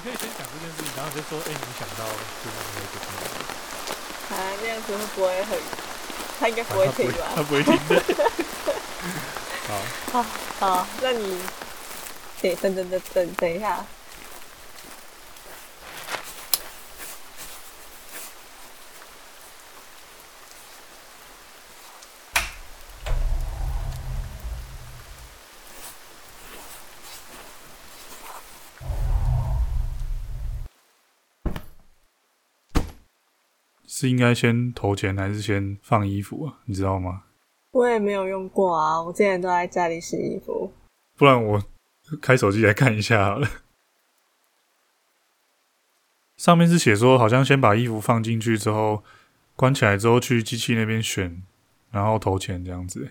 你可以先講這件事情，然後再說。哎、欸，你想到就是哪一個方面？啊，這樣子不，不會很，他應該不會聽吧、啊他？他不會聽的。 好。好，好，那你，等、等、等、等、等一下。是應該先投錢還是先放衣服啊？你知道嗎？我也沒有用過啊，我之前都在家裡洗衣服。不然我開手機來看一下好了。上面是寫說，好像先把衣服放進去之後，關起來之後去機器那邊選，然後投錢這樣子欸。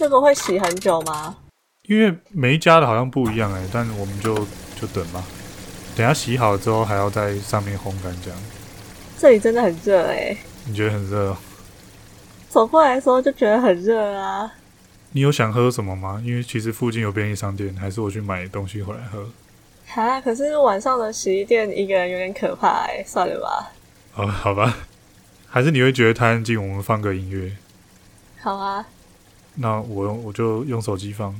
這個會洗很久嗎？因為每一家的好像不一樣欸，但我們就就等吧。等一下洗好之後還要在上面烘乾這樣。這裡真的很熱欸。你覺得很熱喔？走過來的時候就覺得很熱啊。你有想喝什麼嗎？因為其實附近有便利商店，還是我去買東西回來喝。啊，可是晚上的洗衣店一個人有點可怕欸，算了吧。好，好吧。還是你會覺得太安靜？我們放個音樂。好啊。那我用，我就用手機放。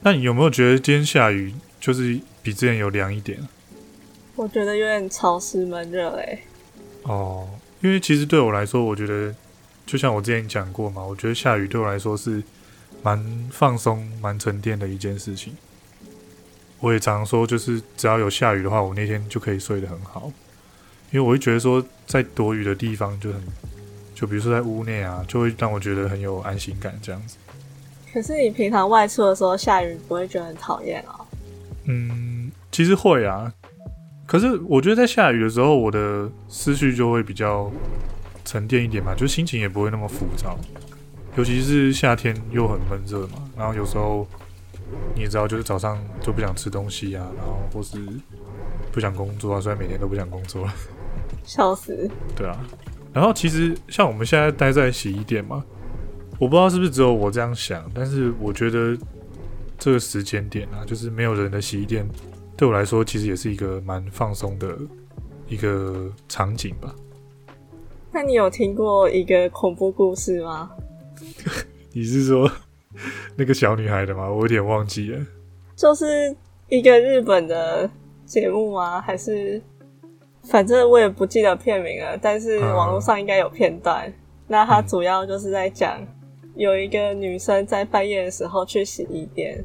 那你有沒有覺得今天下雨就是比之前有涼一點？啊？我覺得有點潮濕，悶熱誒。欸、哦，因為其實對我來說，我覺得就像我之前講過嘛，我覺得下雨對我來說是蠻放鬆、蠻沉澱的一件事情。我也常說，就是只要有下雨的話，我那天就可以睡得很好。因為我會覺得說，在躲雨的地方就很，就比如說在屋內啊，就會讓我覺得很有安心感這樣子。可是你平常外出的時候下雨不會覺得很討厭啊？嗯，其實會啊。可是我覺得在下雨的時候，我的思緒就會比較沉澱一點嘛，就心情也不會那麼浮躁。尤其是夏天又很悶熱嘛，然後有時候你也知道，就是早上就不想吃東西啊，然後或是不想工作啊，雖然每天都不想工作。笑死！對啊，然後其實像我們現在待在洗衣店嘛，我不知道是不是只有我這樣想，但是我覺得這個時間點啊，就是沒有人的洗衣店，對我來說其實也是一個蠻放鬆的一個場景吧。那你有聽過一個恐怖故事嗎？ 你是說那個小女孩的嗎？我有點忘記了，就是一個日本的節目嗎？啊，還是？反正我也不記得片名了，但是網絡上應該有片段。嗯、那它主要就是在講，嗯、有一個女生在半夜的時候去洗衣店，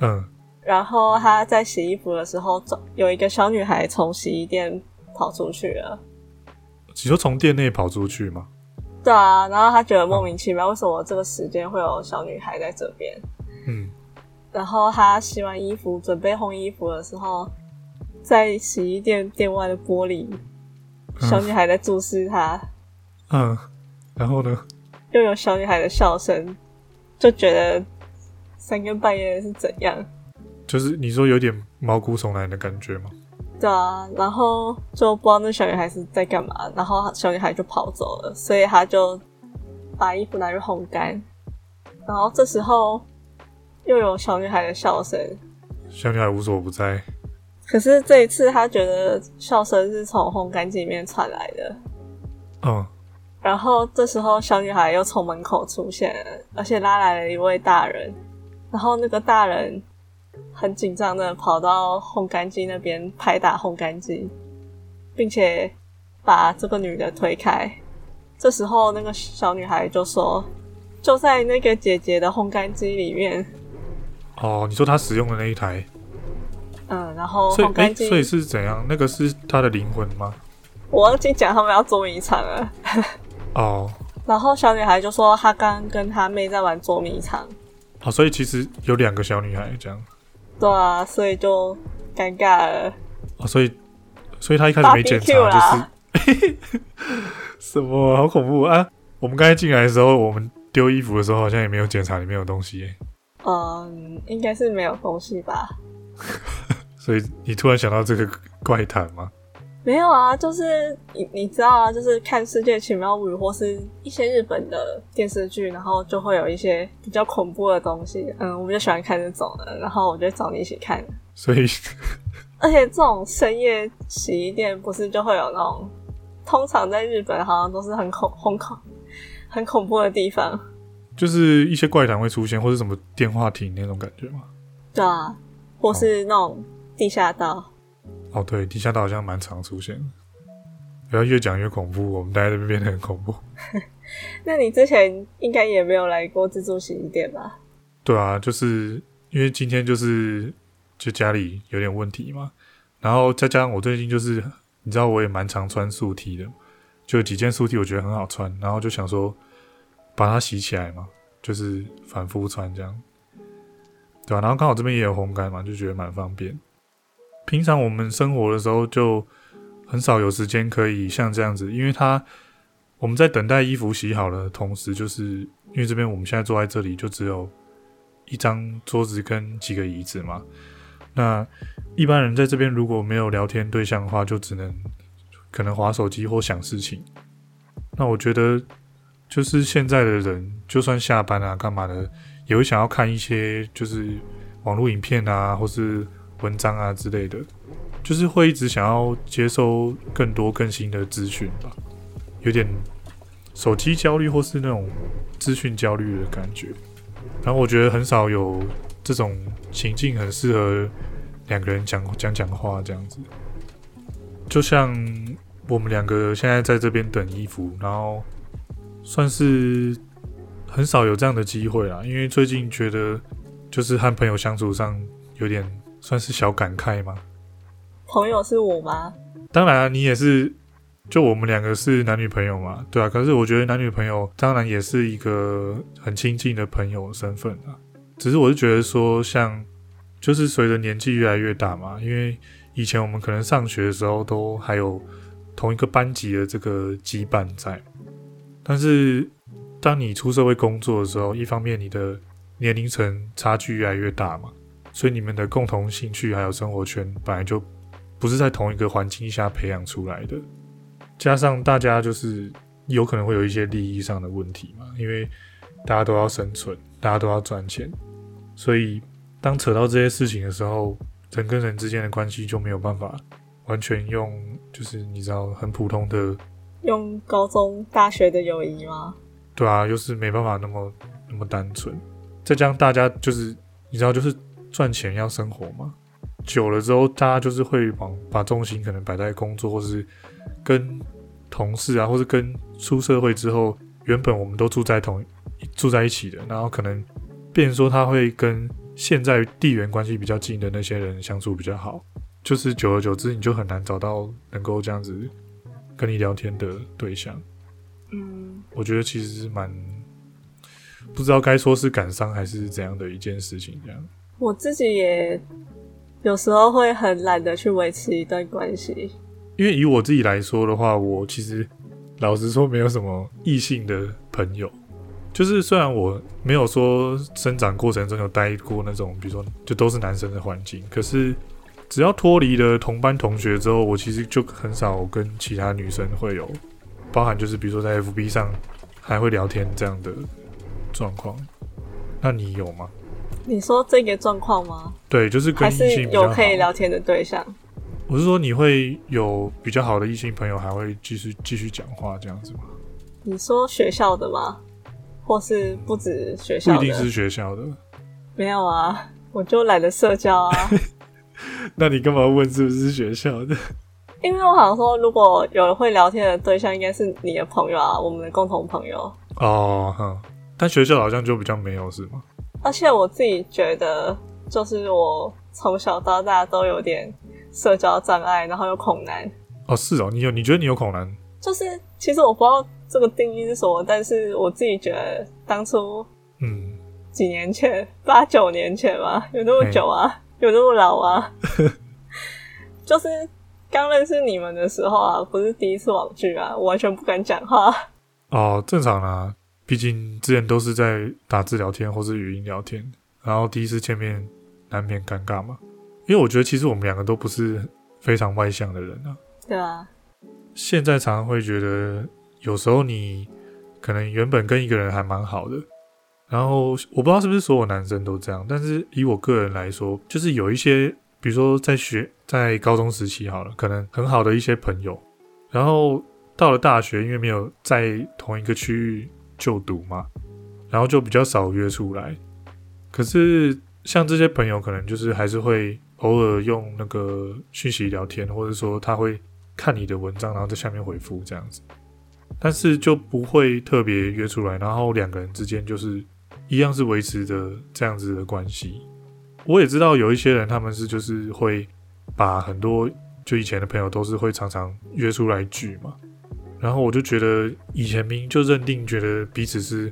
嗯，然後她在洗衣服的時候，有一個小女孩從洗衣店跑出去了。其實從店內跑出去嗎？對啊，然後她覺得莫名其妙，為什麼我這個時間會有小女孩在這邊？嗯，然後她洗完衣服，準備烘衣服的時候。在洗衣店店外的玻璃，嗯、小女孩在注視他。嗯，然後呢？又有小女孩的笑聲，就覺得三更半夜的是怎樣？就是你說有點毛骨悚然的感覺嗎？對啊，然後就不知道那小女孩是在幹嘛，然後小女孩就跑走了，所以他就把衣服拿去烘乾。然後這時候又有小女孩的笑聲，小女孩無所不在。可是這一次，他覺得笑聲是從烘乾機裡面傳來的。嗯，然後這時候小女孩又從門口出現，而且拉來了一位大人。然後那個大人很緊張的跑到烘乾機那邊拍打烘乾機，並且把這個女的推開。這時候那個小女孩就說：“就在那個姐姐的烘乾機裡面。”哦，你說她使用的那一台？然後所以、欸、所以是怎樣？那個是他的靈魂嗎？我忘記講，他們要捉迷藏了。哦。然後小女孩就說，她剛跟她妹在玩捉迷藏。好，所以其實有兩個小女孩這樣。對啊，所以就尷尬了。Oh, 所以所以他一開始沒檢查就是。 什麼？好恐怖啊！我們剛才進來的時候，我們丟衣服的時候好像也沒有檢查裡面有東西、欸。嗯，應該是沒有東西吧。 所以你突然想到這個怪談嗎？沒有啊，就是你你知道啊，就是看《世界奇妙物語》或是一些日本的電視劇，然後就會有一些比較恐怖的東西。嗯，我比較喜歡看這種的，然後我就找你一起看。所以，而且這種深夜洗衣店不是就會有那種？通常在日本好像都是很恐、很恐、恐、很恐怖的地方，就是一些怪談會出現，或是什麼電話亭那種感覺嗎？對啊，或是那種。哦。地下道，哦，對，地下道好像蠻常出現的。不要越講越恐怖，我們待在這邊變得很恐怖。 那你之前應該也沒有來過自助洗衣店吧？對啊，就是因為今天就是就家裡有點問題嘛，然後再加上我最近就是你知道我也蠻常穿素 T 的，就幾件素 T 我覺得很好穿，然後就想說把它洗起來嘛，就是反覆穿這樣，對啊，然後剛好這邊也有烘乾嘛，就覺得蠻方便。平常我們生活的時候就很少有時間可以像這樣子，因為他我們在等待衣服洗好了的同時，就是因為這邊我們現在坐在這裡就只有一張桌子跟幾個椅子嘛。那一般人在這邊如果沒有聊天對象的話，就只能可能滑手機或想事情。那我覺得就是現在的人，就算下班啊幹嘛的，也會想要看一些就是網絡影片啊，或是。文章啊之類的，就是會一直想要接收更多更新的資訊吧，有點手機焦慮或是那種資訊焦慮的感覺。然後我覺得很少有這種情境很適合兩個人講講講話這樣子。就像我們兩個現在在這邊等衣服，然後算是很少有這樣的機會啦，因為最近覺得就是和朋友相處上有點。算是小感慨嗎？朋友是我嗎？當然啊，你也是。就我們兩個是男女朋友嘛，對啊。可是我覺得男女朋友當然也是一個很親近的朋友的身份啊。只是我是覺得說像，像就是隨着年紀越來越大嘛，因為以前我們可能上學的時候都還有同一個班級的這個羈絆在，但是當你出社會工作的時候，一方面你的年齡層差距越來越大嘛。所以你們的共同興趣還有生活圈本來就不是在同一個環境下培養出來的，加上大家就是有可能會有一些利益上的問題嘛，因為大家都要生存，大家都要賺錢，所以當扯到這些事情的時候，人跟人之間的關係就沒有辦法完全用，就是你知道很普通的，用高中大學的友誼嗎？對啊，就是沒辦法那麼那麼單純，再加上大家就是你知道就是。賺錢要生活嘛，久了之後，大家就是會往把重心可能擺在工作，或是跟同事啊，或是跟出社會之後，原本我們都住在同一住在一起的，然後可能變成說他會跟現在地緣關係比較近的那些人相處比較好，就是久而久之，你就很難找到能夠這樣子跟你聊天的對象。嗯，我覺得其實是蠻不知道該說是感傷還是怎樣的一件事情，這樣。我自己也有時候會很懶得去維持一段關係，因為以我自己來說的話，我其實老實說沒有什麼異性的朋友，就是雖然我沒有說生長過程中有待過那種，比如說就都是男生的環境，可是只要脫離了同班同學之後，我其實就很少跟其他女生會有，包含就是比如說在 FB 上還會聊天這樣的狀況，那你有嗎？你說這個狀況嗎？對，就是跟異性還是有可以聊天的對象。我是說你會有比較好的異性朋友，還會繼續繼續講話這樣子嗎？你說學校的嗎？或是不止學校的？嗯、一定是學校的？沒有啊，我就懶得社交啊。 那你幹嘛問是不是學校的？因為我想說，如果有人會聊天的對象，應該是你的朋友啊，我們的共同朋友哦。哼，但學校好像就比較沒有，是嗎？而且我自己覺得，就是我從小到大都有點社交障礙，然後有恐難。哦，是哦，你有？你覺得你有恐難？就是，其實我不知道這個定義是什麼，但是我自己覺得，當初嗯，幾年前，嗯、八九年前吧，有那麼久啊，嗯、有那麼老啊， 就是剛認識你們的時候啊，不是第一次網聚啊，我完全不敢講話。哦，正常啊。畢竟之前都是在打字聊天或是語音聊天，然後第一次見面難免尷尬嘛。因為我覺得其實我們兩個都不是非常外向的人啊。對啊。現在常常會覺得，有時候你可能原本跟一個人還蠻好的，然後我不知道是不是所有男生都這樣，但是以我個人來說，就是有一些，比如說在學在高中時期好了，可能很好的一些朋友，然後到了大學，因為沒有在同一個區域。就讀嘛，然後就比較少約出來。可是像這些朋友，可能就是還是會偶爾用那個訊息聊天，或者說他會看你的文章，然後在下面回復這樣子。但是就不會特別約出來，然後兩個人之間就是一樣是維持着這樣子的關係。我也知道有一些人，他們是就是會把很多就以前的朋友都是會常常約出來聚嘛。然後我就覺得以前明明就認定，覺得彼此是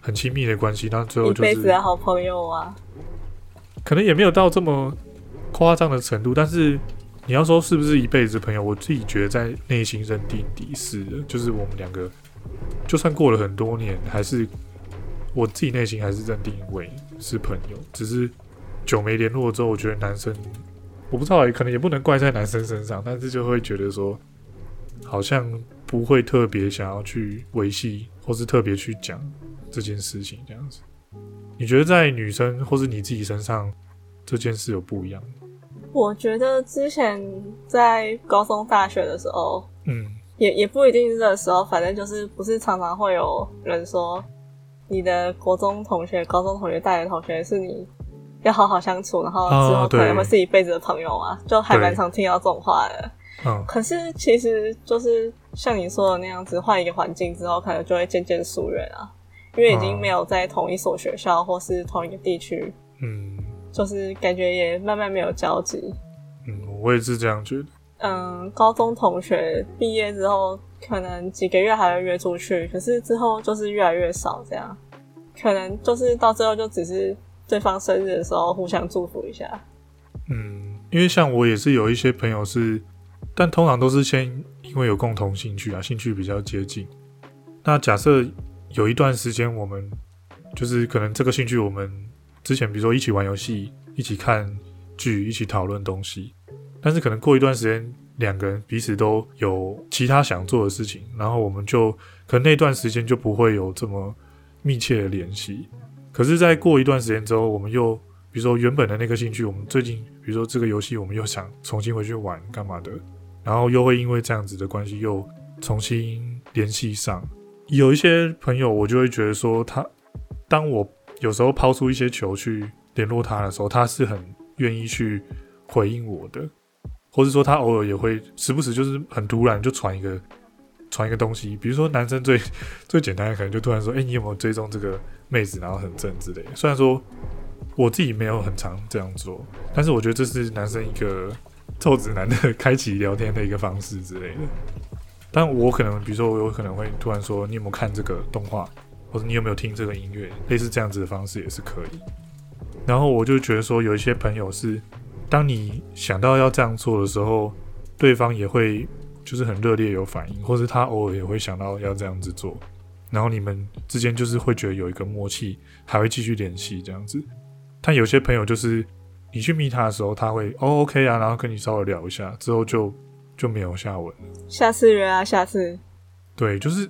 很親密的關係。那最後就是一輩子的好朋友啊，可能也沒有到這麼誇張的程度。但是你要說是不是一輩子朋友，我自己覺得在內心認定底是的是，就是我們兩個，就算過了很多年，還是我自己內心還是認定為是朋友。只是久沒聯絡之後，我覺得男生，我不知道、欸，可能也不能怪在男生身上，但是就會覺得說好像。不會特別想要去維繫，或是特別去講這件事情，這樣子。你覺得在女生或是你自己身上，這件事有不一樣嗎？我覺得之前在高中、大學的時候，嗯，也也不一定是這時候，反正就是不是常常會有人說，你的國中同學、高中同學、大學同學是你要好好相處，然後之後可能會是一輩子的朋友啊，哦、就還蠻常聽到這種話的。嗯對，可是其實就是。像你說的那樣子，換一個環境之後，可能就會漸漸疏遠啊，因為已經沒有在同一所學校或是同一個地區，嗯，就是感覺也慢慢沒有交集。嗯，我也是這樣覺得。嗯，高中同學畢業之後，可能幾個月還會約出去，可是之後就是越來越少這樣，可能就是到最後就只是對方生日的時候互相祝福一下。嗯，因為像我也是有一些朋友是。但通常都是先因為有共同興趣啊，興趣比較接近。那假設有一段時間，我們就是可能這個興趣，我們之前比如說一起玩遊戲、一起看劇、一起討論東西。但是可能過一段時間，兩個人彼此都有其他想做的事情，然後我們就可能那段時間就不會有這麼密切的聯繫。可是再過一段時間之後，我們又比如說原本的那個興趣，我們最近比如說這個遊戲，我們又想重新回去玩幹嘛的。然後又會因為這樣子的關係又重新聯繫上。有一些朋友我就會覺得說他，當我有時候拋出一些球去聯絡他的時候，他是很願意去回應我的，或是說他偶爾也會時不時就是很突然就傳一個傳一個東西，比如說男生最最簡單的可能就突然說，哎，你有沒有追蹤這個妹子，然後很正之類的。雖然說我自己沒有很常這樣做，但是我覺得這是男生一個。臭直男的開啟聊天的一個方式之類的，但我可能比如說我有可能會突然說你有沒有看這個動畫，或者你有沒有聽這個音樂，類似這樣子的方式也是可以。然後我就覺得說有一些朋友是，當你想到要這樣做的時候，對方也會就是很熱烈有反應，或是他偶爾也會想到要這樣子做，然後你們之間就是會覺得有一個默契，還會繼續聯繫這樣子。但有些朋友就是。你去密他的時候，他會哦，OK 啊，然後跟你稍微聊一下，之後就就沒有下文。下次約啊，下次。對，就是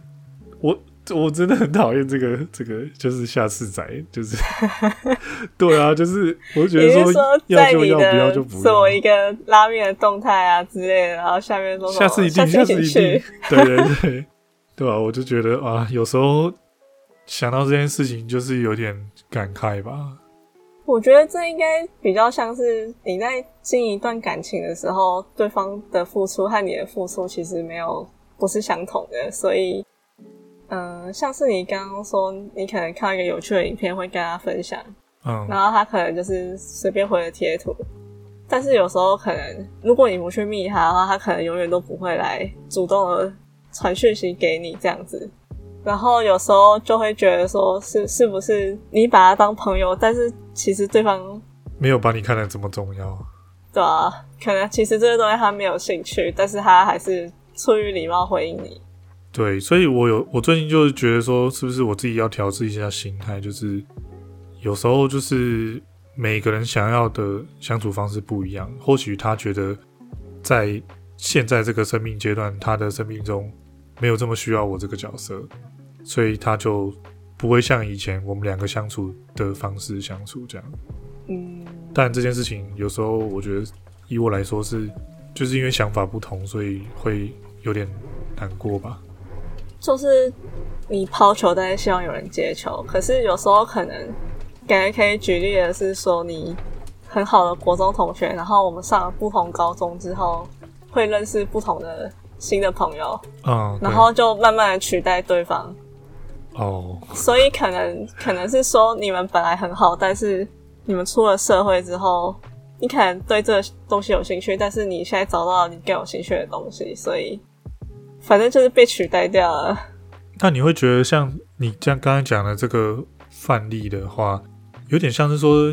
我，我真的很討厭這個，這個就是下次再，就是， 對啊，就是，我就覺得說要就要，不要就不要。是我一個拉麵的動態啊之類的，然後下面說下次一定，下次一定，下次一定， 對對對，對啊，我就覺得啊，有時候想到這件事情，就是有點感慨吧。我覺得這應該比較像是你在進一段感情的時候，對方的付出和你的付出其實沒有不是相同的，所以，嗯、呃，像是你剛剛說，你可能看一個有趣的影片會跟他分享，嗯，然後他可能就是隨便回了貼圖，但是有時候可能如果你不去密他的話，他可能永遠都不會來主動的傳訊息給你這樣子。然後有時候就會覺得說是，是是不是你把他當朋友，但是其實對方沒有把你看得這麼重要，對啊。可能其實這些東西他沒有興趣，但是他還是出於禮貌回應你。對，所以我有我最近就是覺得說，是不是我自己要調制一下心態，就是有時候就是每個人想要的相處方式不一樣，或許他覺得在現在這個生命階段，他的生命中沒有這麼需要我這個角色。所以他就不會像以前我們兩個相處的方式相處這樣。嗯。但這件事情有時候我覺得，以我來說是，就是因為想法不同，所以會有點難過吧。就是你拋球，但是希望有人接球。可是有時候可能，感覺可以舉例的是說，你很好的國中同學，然後我們上了不同高中之後，會認識不同的新的朋友。嗯、啊。然後就慢慢的取代對方。哦，oh. 所以可能可能是說你們本來很好，但是你們出了社會之後，你可能對這個東西有興趣，但是你現在找到你更有興趣的東西，所以反正就是被取代掉了。那你會覺得像你像剛才講的這個範例的話，有點像是說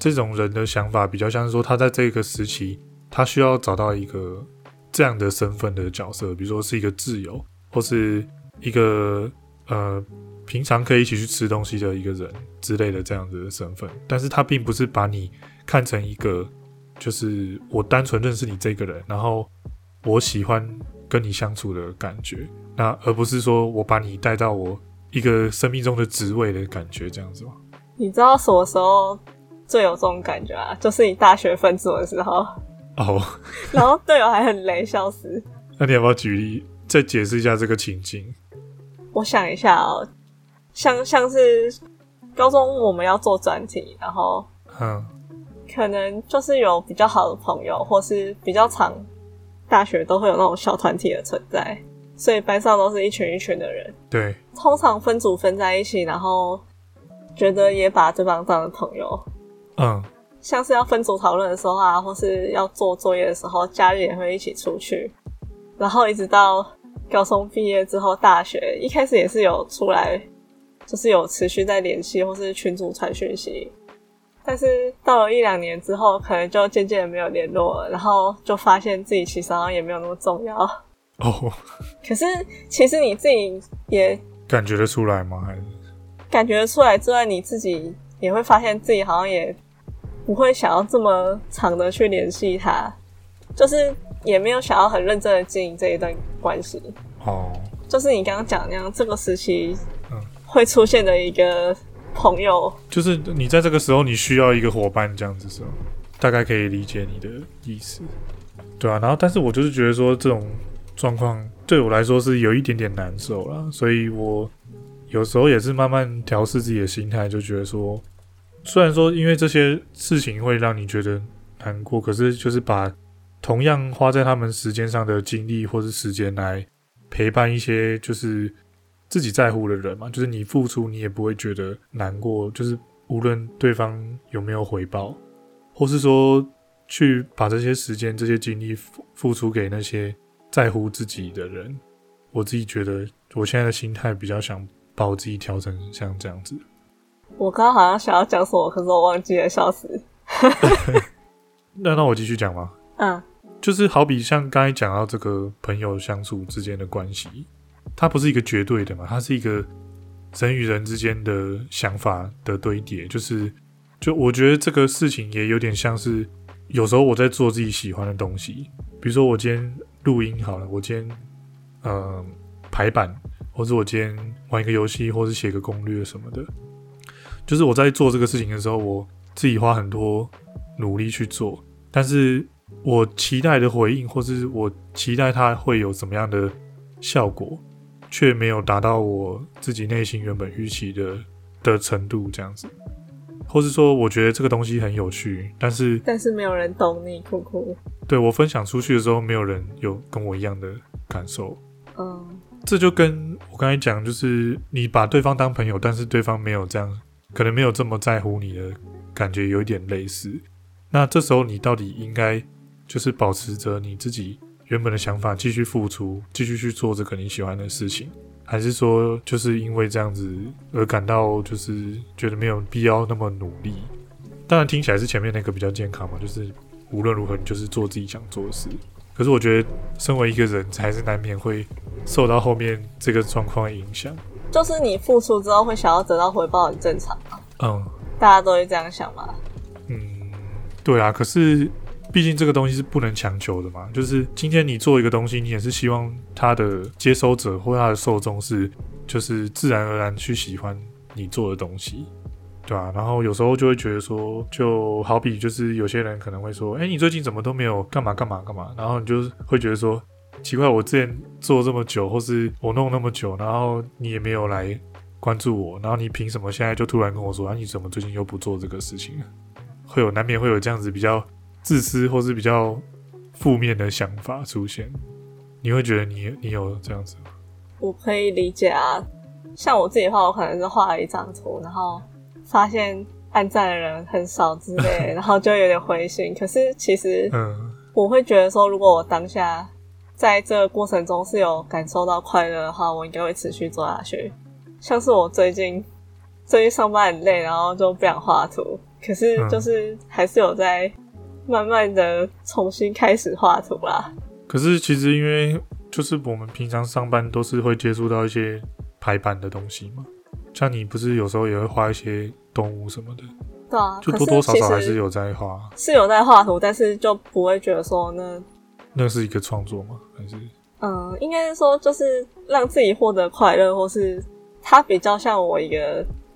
這種人的想法比較像是說他在這個時期，他需要找到一個這樣的身份的角色，比如說是一個自由，或是一個，呃，平常可以一起去吃東西的一個人之類的這樣子的身份，但是他並不是把你看成一個，就是我單純認識你這個人，然後我喜歡跟你相處的感覺，那而不是說我把你帶到我一個生命中的職位的感覺這樣子嗎？你知道什麼時候最有這種感覺啊？就是你大學分組的時候哦，然後隊友還很雷，， 笑死。那你要不要舉例再解釋一下這個情境？我想一下啊、喔，像像是高中我們要做專題，然後嗯，可能就是有比較好的朋友，或是比較長，大學都會有那種小團體的存在，所以班上都是一群一群的人，對，通常分組分在一起，然後覺得也把對方當成朋友，嗯，像是要分組討論的時候啊，或是要做作業的時候，家裡也會一起出去，然後一直到。高中畢業之後，大學一開始也是有出來，就是有持續在聯繫，或是群組傳訊息。但是到了一兩年之後，可能就漸漸的沒有聯絡了，然後就發現自己其實好像也沒有那麼重要。哦，oh. 可是其實你自己也感覺得出來嗎？還是感覺得出來之外，你自己也會發現自己好像也不會想要這麼長的去聯繫他，就是也沒有想要很認真的經營這一段。關係哦，oh. 就是你剛剛講那樣，這個時期嗯會出現的一個朋友，嗯，就是你在這個時候你需要一個夥伴這樣子的時候，大概可以理解你的意思，嗯、對啊，然後，但是我就是覺得說這種狀況對我來說是有一點點難受啦，所以我有時候也是慢慢調試自己的心態，就覺得說，雖然說因為這些事情會讓你覺得難過，可是就是把。同樣花在他們時間上的精力，或是時間來陪伴一些就是自己在乎的人嘛，就是你付出你也不會覺得難過，就是無論對方有沒有回報，或是說去把這些時間、這些精力付，付出給那些在乎自己的人，我自己覺得我現在的心態比較想把我自己調成像這樣子。我剛剛好像想要講什麼，可是我忘記了，笑死。 那那我繼續講嗎？嗯。就是好比像剛才講到這個朋友相處之間的關係，它不是一個絕對的嘛，它是一個人與人之間的想法的堆疊。就是，就我覺得這個事情也有點像是，有時候我在做自己喜歡的東西，比如說我今天錄音好了，我今天嗯、呃、排版，或者我今天玩一個遊戲，或者寫個攻略什麼的。就是我在做這個事情的時候，我自己花很多努力去做，但是。我期待的回應，或是我期待它會有什麼樣的效果，卻沒有達到我自己內心原本預期的的程度，這樣子，或是說我覺得這個東西很有趣，但是但是沒有人懂你，酷酷，對我分享出去的時候，沒有人有跟我一樣的感受，嗯，這就跟我剛才講，就是你把對方當朋友，但是對方沒有這樣，可能沒有這麼在乎你的感覺有一點類似，那這時候你到底應該？就是保持着你自己原本的想法，繼續付出，繼續去做這個你喜歡的事情，還是說就是因為這樣子而感到就是覺得沒有必要那麼努力？當然聽起來是前面那個比較健康嘛，就是無論如何你就是做自己想做的事。可是我覺得身為一個人，還是難免會受到後面這個狀況的影響。就是你付出之後會想要得到回報，很正常。嗯，大家都會這樣想嗎？嗯，對啊。可是。畢竟這個東西是不能強求的嘛，就是今天你做一個東西，你也是希望他的接收者或他的受眾是，就是自然而然去喜歡你做的東西，對吧、啊？然後有時候就會覺得說，就好比就是有些人可能會說，哎，你最近怎麼都沒有幹嘛幹嘛幹嘛？然後你就會覺得說，奇怪，我之前做這麼久，或是我弄那麼久，然後你也沒有來關注我，然後你憑什麼現在就突然跟我說，哎、啊，你怎麼最近又不做這個事情？會有難免會有這樣子比較。自私或是比較負面的想法出現，你會覺得你你有這樣子嗎？我可以理解啊，像我自己的話，我可能是畫了一張圖，然後發現按讚的人很少之類的，然後就有點灰心。 可是其實，嗯，我會覺得說，如果我當下在這個過程中是有感受到快樂的話，我應該會持續做下去。像是我最近最近上班很累，然後就不想畫圖，可是就是還是有在。慢慢的重新開始畫圖啦。可是其實因為就是我們平常上班都是會接觸到一些排版的東西嘛，像你不是有時候也會畫一些動物什麼的，對啊，就多多少少還是有在畫，是,是有在畫圖，但是就不會覺得說那那是一個創作嗎？還是嗯、呃，應該是說就是讓自己獲得快樂，或是它比較像我一個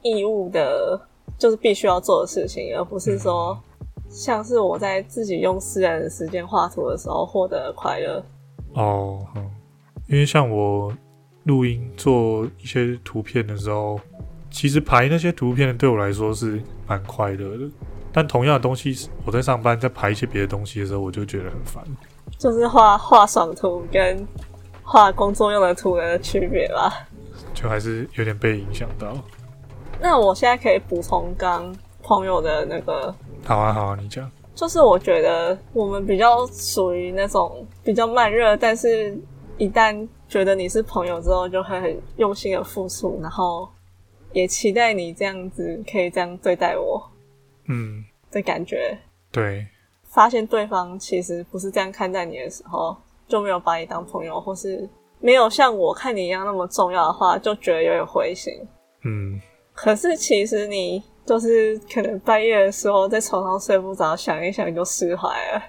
義務的，就是必須要做的事情，而不是說。像是我在自己用私人的時間畫圖的時候獲得的快樂哦，因為像我錄音做一些圖片的時候，其實排那些圖片對我來說是蠻快樂的。但同樣的東西，我在上班在排一些別的東西的時候，我就覺得很煩。就是畫畫爽圖跟畫工作用的圖的區別吧？就還是有點被影響到。那我現在可以補充剛。朋友的那個好啊好啊，你這樣就是我覺得我們比較屬於那種比較慢熱，但是一旦覺得你是朋友之後，就會很用心的付出，然後也期待你這樣子可以這樣對待我，嗯的感覺。嗯、對，發現對方其實不是這樣看待你的時候，就沒有把你當朋友，或是沒有像我看你一樣那麼重要的話，就覺得有點灰心。嗯，可是其實你。就是可能半夜的時候在床上睡不着，想一想就釋懷了。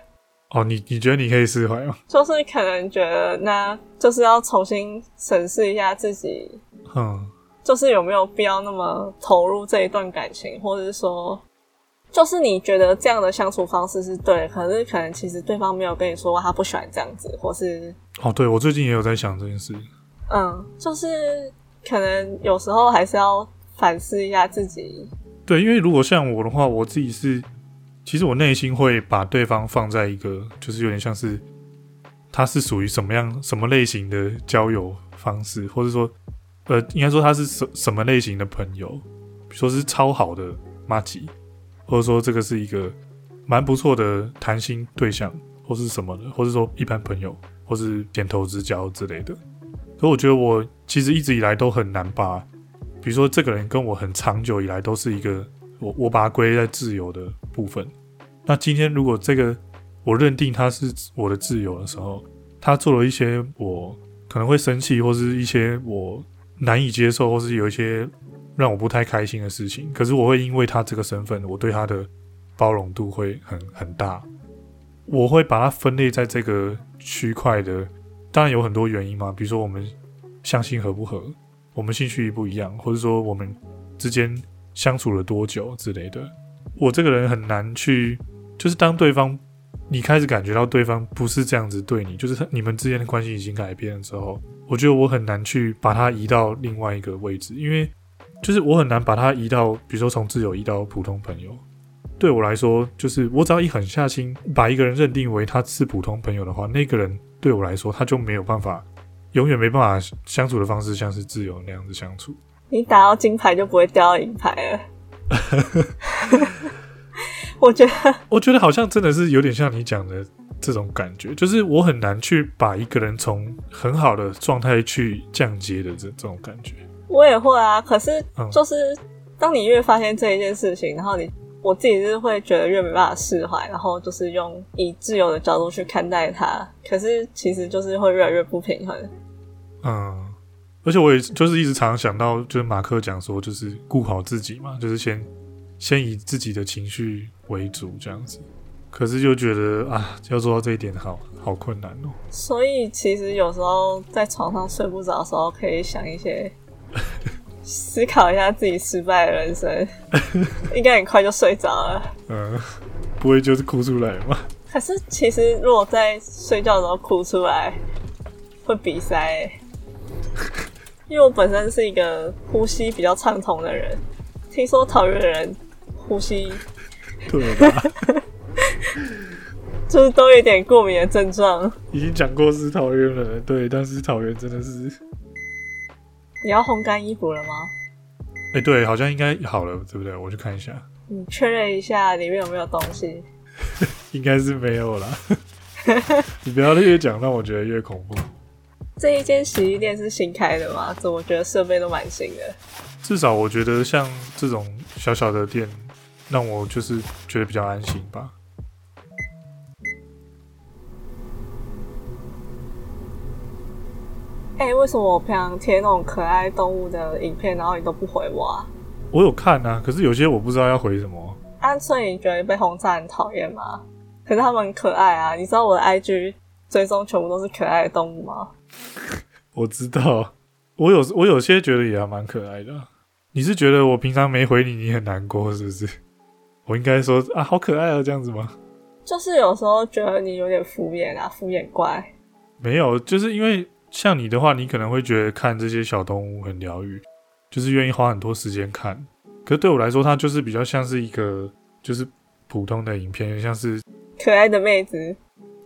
哦，你你覺得你可以釋懷嗎？就是可能覺得那就是要重新審視一下自己，嗯，就是有沒有必要那麼投入這一段感情，或者說，就是你覺得這樣的相處方式是對的，可是可能其實對方沒有跟你說過他不喜歡這樣子，或是哦，對，我最近也有在想這件事，嗯，就是可能有時候還是要反思一下自己。對，因為如果像我的話，我自己是，其實我內心會把對方放在一個，就是有點像是，他是屬於什麼樣、什麼類型的交友方式，或者說，呃，應該說他是什什麼類型的朋友，比如說是超好的麻吉，或者說這個是一個蠻不錯的談心對象，或是什麼的，或者說一般朋友，或是點頭之交之類的。可我覺得我其實一直以來都很難把。比如說，這個人跟我很長久以來都是一個我，我把它歸在自由的部分。那今天如果這個我認定他是我的自由的時候，他做了一些我可能會生氣，或是一些我難以接受，或是有一些讓我不太開心的事情。可是我會因為他這個身份，我對他的包容度會很很大，我會把它分類在這個區塊的。當然有很多原因嘛，比如說我們相信合不合。我們興趣不一樣，或者說我們之間相處了多久之類的，我這個人很難去，就是當對方你開始感覺到對方不是這樣子對你，就是你們之間的關係已經改變的時候，我覺得我很難去把他移到另外一個位置，因為就是我很難把他移到，比如說從摯友移到普通朋友。對我來說，就是我只要一狠下心把一個人認定為他是普通朋友的話，那個人對我來說他就沒有辦法。永遠沒辦法相處的方式，像是自由那樣子相處。你打到金牌就不會掉到銀牌了。 我覺得，我覺得好像真的是有點像你講的這種感覺，就是我很難去把一個人從很好的狀態去降階的這這種感覺。我也會啊，可是就是當你越發現這一件事情，然後你。我自己就是會覺得越沒辦法釋懷，然後就是用以自由的角度去看待它，可是其實就是會越來越不平衡。嗯，而且我也就是一直常常想到，就是馬克講說，就是顧好自己嘛，就是先先以自己的情緒為主這樣子，可是就覺得啊，要做到這一點，好好困難哦。所以其實有時候在床上睡不着的時候，可以想一些。 思考一下自己失敗的人生， 應該很快就睡着了。嗯，不會就是哭出來了嗎？可是其實如果在睡覺的時候哭出來，會鼻塞， 因為我本身是一個呼吸比較暢通的人。聽說桃園的人呼吸，對吧？ 就是都有一點過敏的症狀。已經講過是桃園了對，但是桃園真的是。你要烘乾衣服了嗎？哎，欸、對，好像應該好了，對不對？我去看一下。你確認一下裡面有沒有東西？ 應該是沒有啦。 你不要越講讓我覺得越恐怖。這一間洗衣店是新開的嗎？怎麼覺得設備都蠻新的？至少我覺得像這種小小的店，讓我就是覺得比較安心吧。哎、欸，為什麼我平常貼那種可愛動物的影片，然後你都不回我啊？我有看啊，可是有些我不知道要回什麼。安村、啊，你覺得你被轟炸很討厭嗎？可是他們很可愛啊，你知道我的 IG 追蹤全部都是可愛的動物嗎？我知道，我有我有些覺得也還蠻可愛的。你是覺得我平常沒回你，你很難過是不是？我應該說啊，好可愛啊，這樣子嗎？就是有時候覺得你有點敷衍啊，敷衍怪。沒有，就是因為。像你的話，你可能會覺得看這些小動物很療癒，就是願意花很多時間看。可是對我來說，它就是比較像是一個就是普通的影片，像是可愛的妹子。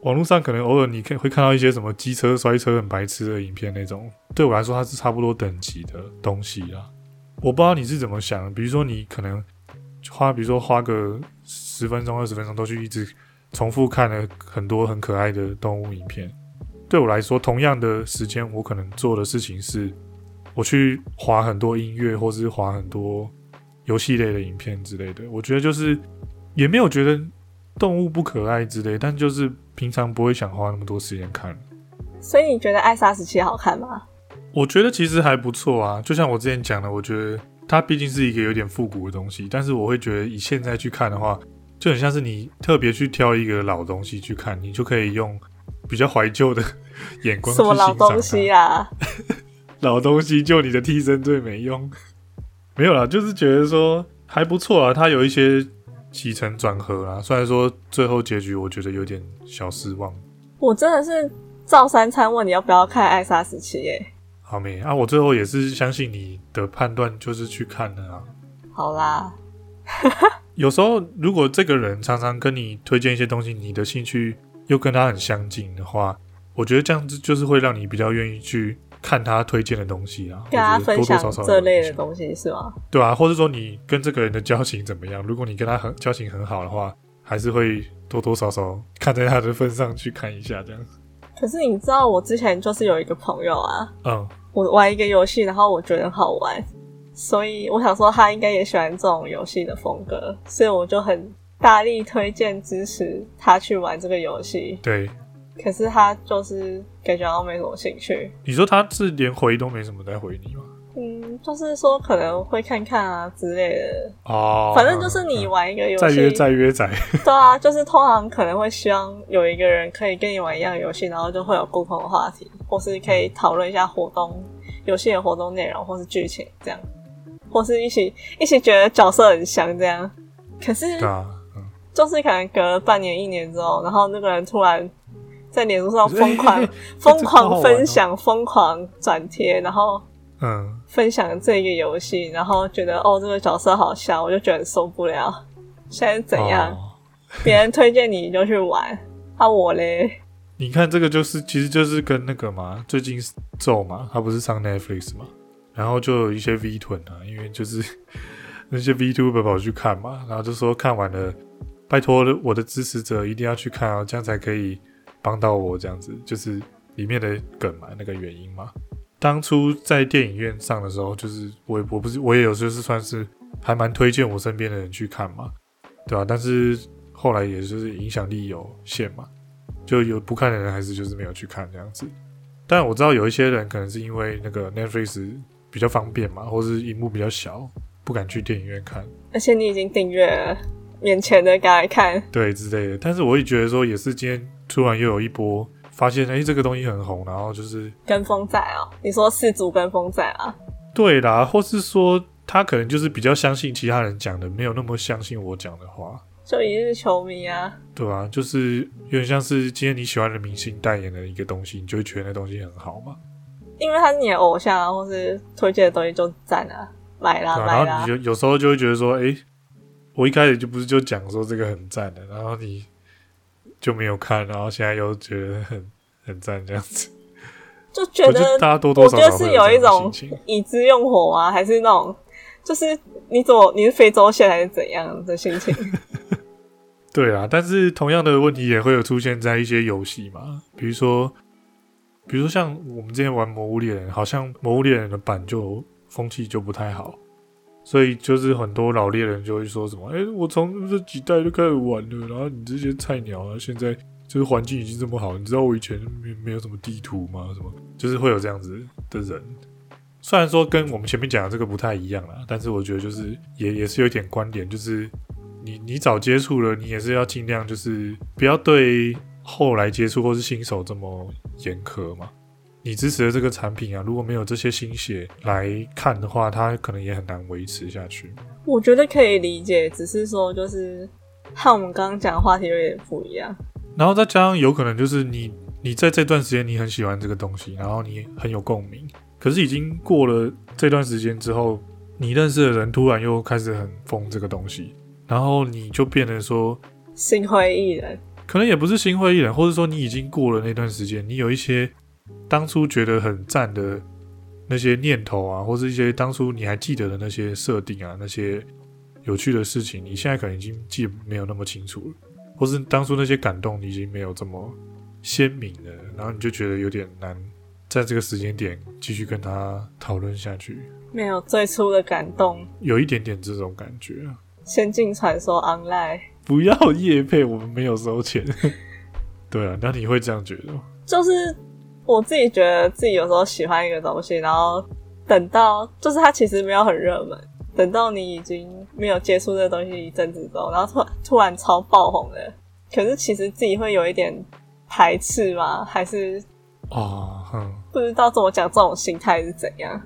網絡上可能偶爾你可會看到一些什麼機車摔車很白痴的影片，那種，對我來說它是差不多等級的東西啦。我不知道你是怎麼想的，比如說你可能花，比如說花個十分鐘、二十分鐘都去一直重複看了很多很可愛的動物影片。對我來說，同樣的時間，我可能做的事情是，我去滑很多音樂，或是滑很多遊戲類的影片之類的。我覺得就是也沒有覺得動物不可愛之類，但就是平常不會想花那麼多時間看。所以你覺得《艾莎斯奇》好看嗎？我覺得其實還不錯啊，就像我之前講的，我覺得它畢竟是一個有點複古的東西，但是我會覺得以現在去看的話，就很像是你特別去挑一個老東西去看，你就可以用，比較懷舊的眼光，什麼老東西啊？ 老東西，就你的替身最沒用。 沒有啦，就是覺得說還不錯啊，他有一些起承轉合啊。雖然說最後結局，我覺得有點小失望。我真的是照三餐問你要不要看、欸《艾莎時期》耶。好沒啊！我最後也是相信你的判斷，就是去看了啊。好啦， 有時候如果這個人常常跟你推薦一些東西，你的興趣。又跟他很相近的話，我覺得這樣子就是會讓你比較願意去看他推薦的東西啊，跟他分享這類的東西是嗎？對啊，或者說你跟這個人的交情怎麼樣？如果你跟他很交情很好的話，還是會多多少少看在他的份上去看一下這樣。可是你知道，我之前就是有一個朋友啊，嗯，我玩一個遊戲，然後我覺得很好玩，所以我想說他應該也喜歡這種遊戲的風格，所以我就很。大力推薦支持他去玩這個遊戲。對，可是他就是感覺好像沒什麼興趣。你說他是連回都沒什麼在回你嗎？嗯，就是說可能會看看啊之類的。哦，反正就是你玩一個遊戲、嗯，再約再約仔。 對啊，就是通常可能會希望有一個人可以跟你玩一樣遊戲，然後就會有共同的話題，或是可以討論一下活動遊戲、嗯、的活動內容，或是劇情這樣，或是一起一起覺得角色很香這樣。可是對啊。就是可能隔了半年一年之後，然後那個人突然在臉書上瘋狂瘋、欸欸欸欸哦、狂分享、瘋狂轉貼，然後嗯，分享這個遊戲，然後覺得、嗯、哦這個角色好笑，我就覺得受不了。現在怎樣？別、哦、人推薦你就去玩，那、 啊、我嘞？你看這個就是，其實就是跟那個嘛，最近咒嘛，他不是上 Netflix 嘛，然後就有一些 V 屯啊，因為就是那些 VTuber 跑去看嘛，然後就說看完了。拜託我的支持者一定要去看啊，這樣才可以幫到我。這樣子就是裡面的梗嘛，那個原因嘛。當初在電影院上的時候，就是我我不是我也有就是算是還蠻推薦我身邊的人去看嘛，對吧、啊？但是後來也就是影響力有限嘛，就有不看的人還是就是沒有去看這樣子。但我知道有一些人可能是因為那個 Netflix 比較方便嘛，或是熒幕比較小，不敢去電影院看。而且你已經訂閱了。面前的給他看，對之類的，但是我也覺得說，也是今天突然又有一波發現，哎、欸，這個東西很紅，然後就是跟風仔啊、哦，你說四足跟風仔啊，對啦，或是說他可能就是比較相信其他人講的，沒有那麼相信我講的話，就一定是球迷啊，對啊，就是有點像是今天你喜歡的明星代言的一個東西，你就會覺得那東西很好嘛，因為他是你的偶像，啊，或是推薦的東西就贊了、啊，買了、啊、買了啦，然後你就有時候就會覺得說，哎、欸。我一開始就不是就講說這個很讚的，然後你就沒有看，然後現在又覺得很很讚這樣子，就覺得，覺得大家多多少少有，我覺得是有一種已知用火啊，還是那種就是你怎麼你是非洲蟹還是怎樣的心情？ 對啊，但是同樣的問題也會有出現在一些遊戲嘛，比如說，比如說像我們之前玩《魔物獵人》，好像《魔物獵人》的板就風氣就不太好。所以就是很多老獵人就會說什麼：“欸，我從這幾代就開始玩了，然後你這些菜鳥啊，現在就是環境已經這麼好，你知道我以前沒沒有什麼地圖嗎？什麼就是會有這樣子的人，雖然說跟我們前面講的這個不太一樣啦，但是我覺得就是也也是有一點觀點，就是你你早接觸了，你也是要盡量就是不要對後來接觸或是新手這麼嚴苛嘛。”你支持的這個產品啊，如果沒有這些心血來看的話，它可能也很難維持下去。我覺得可以理解，只是說就是和我們剛剛講的話題有點不一樣。然後再加上有可能就是你，你在這段時間你很喜歡這個東西，然後你很有共鳴。可是已經過了這段時間之後，你認識的人突然又開始很瘋這個東西，然後你就變成說心灰意冷。可能也不是心灰意冷，或者說你已經過了那段時間，你有一些。當初覺得很讚的那些念頭啊，或是一些當初你還記得的那些設定啊，那些有趣的事情，你現在可能已經記得沒有那麼清楚了，或是當初那些感動已經沒有這麼鮮明了，然後你就覺得有點難在這個時間點繼續跟他討論下去。沒有最初的感動。嗯，有一點點這種感覺啊。《仙境傳說 Online》，不要業配，我們沒有收錢。 對啊，那你會這樣覺得嗎？就是。我自己覺得自己有時候喜歡一個東西，然後等到就是它其實沒有很熱門，等到你已經沒有接觸這個東西一陣子之後，然後突然突然超爆紅了，可是其實自己會有一點排斥嗎？還是哦，不知道怎麼講，這種心態是怎樣？哼，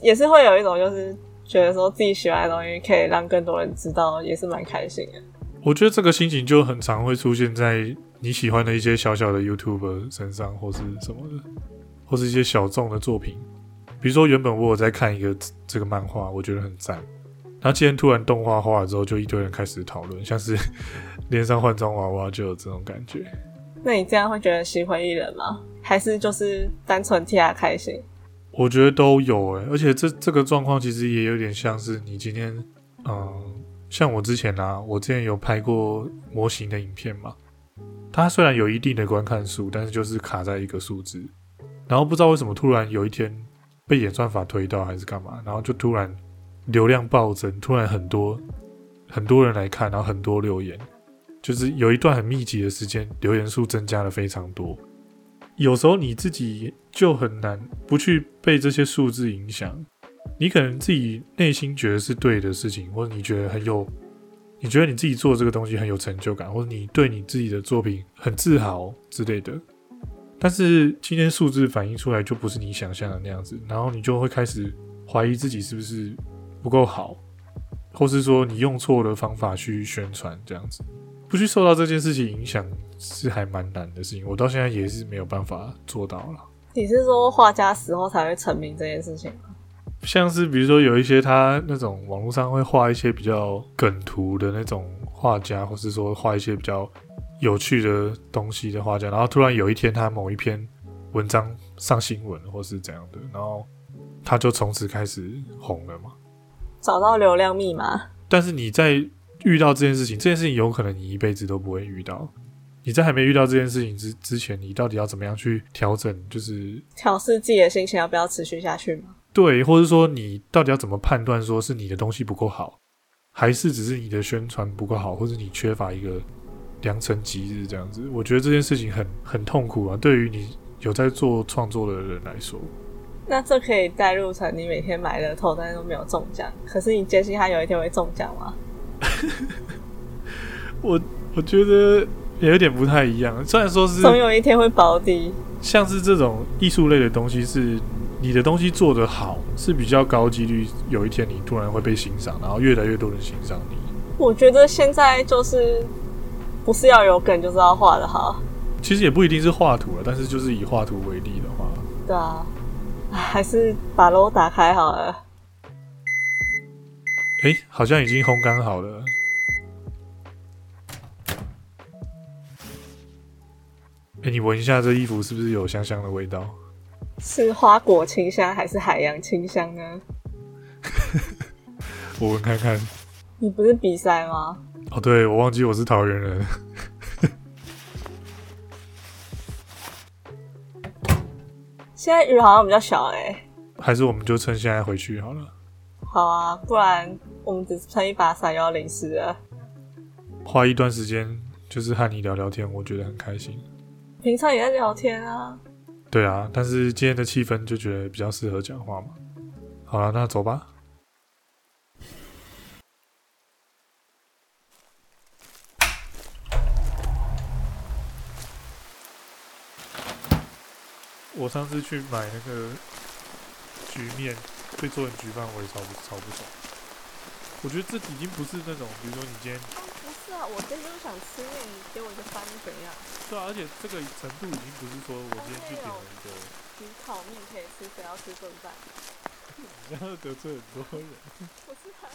也是會有一種就是覺得說自己喜歡的東西可以讓更多人知道，也是蠻開心的。我覺得這個心情就很常會出現在。你喜歡的一些小小的 YouTuber 身上或是什麼的，或是一些小眾的作品，比如說原本我有在看一個這個漫畫，我覺得很讚。然後今天突然動畫化了之後，就一堆人開始討論，像是 戀上換裝娃娃就有這種感覺。那你這樣會覺得心灰意冷嗎？還是就是單純替他開心？我覺得都有哎、欸，而且這這個狀況其實也有點像是你今天，嗯，像我之前啊，我之前有拍過模型的影片嘛。它雖然有一定的觀看數，但是就是卡在一個數字，然後不知道為什麼突然有一天被演算法推到還是幹嘛，然後就突然流量暴增，突然很多很多人來看，然後很多留言，就是有一段很密集的時間，留言數增加了非常多。有時候你自己就很難不去被這些數字影響，你可能自己內心覺得是對的事情，或者你覺得很有。你覺得你自己做這個東西很有成就感，或者你對你自己的作品很自豪之類的，但是今天數字反映出來就不是你想象的那樣子，然後你就會開始懷疑自己是不是不夠好，或是說你用錯了方法去宣傳這樣子，不去受到這件事情影響是還蠻難的事情，我到現在也是沒有辦法做到了。你是說畫家死後才會成名這件事情？像是比如說有一些他那種網絡上會畫一些比較梗圖的那種畫家，或是說畫一些比較有趣的東西的畫家，然後突然有一天他某一篇文章上新聞或是怎樣的，然後他就從此開始紅了嘛，找到流量密碼。但是你在遇到這件事情，這件事情有可能你一輩子都不會遇到。你在還沒遇到這件事情之之前，你到底要怎麼樣去調整？就是調適自己的心情要不要持續下去嗎？對，或者說你到底要怎麼判斷，說是你的東西不夠好，還是只是你的宣傳不夠好，或者你缺乏一個良辰吉日這樣子？我覺得這件事情很很痛苦啊，對於你有在做創作的人來說。那這可以代入成你每天買了頭單都沒有中獎，可是你堅信他有一天會中獎嗎？ 我我覺得也有點不太一樣，雖然說是總有一天會保底，像是這種藝術類的東西是。你的東西做得好，是比較高幾率，有一天你突然會被欣賞，然後越來越多人欣賞你。我覺得現在就是，不是要有梗，就是要畫得好。其實也不一定是畫圖了，但是就是以畫圖為例的話，對啊，還是把樓打開好了。哎、欸，好像已經烘乾好了。哎、欸，你聞一下這衣服，是不是有香香的味道？是花果清香還是海洋清香呢？ 我聞看看。你不是鼻塞嗎？哦，對，我忘記我是桃園人。 現在雨好像比較小欸。還是我們就趁現在回去好了。好啊，不然我們只是撐一把傘要淋濕了。花一段時間就是和你聊聊天，我覺得很開心。平常也在聊天啊。對啊，但是今天的氣氛就覺得比較適合講話嘛。好了、啊，那走吧。我上次去買那個局面，被做成局飯，我也超超不爽。我覺得這已經不是那種，比如說你今天。那我今天就想吃麵，你給我一個翻白眼，怎樣？對啊，而且這個程度已經不是說我今天去點一個，你炒麵可以吃，誰要吃燉飯，然後得罪很多人。我知道。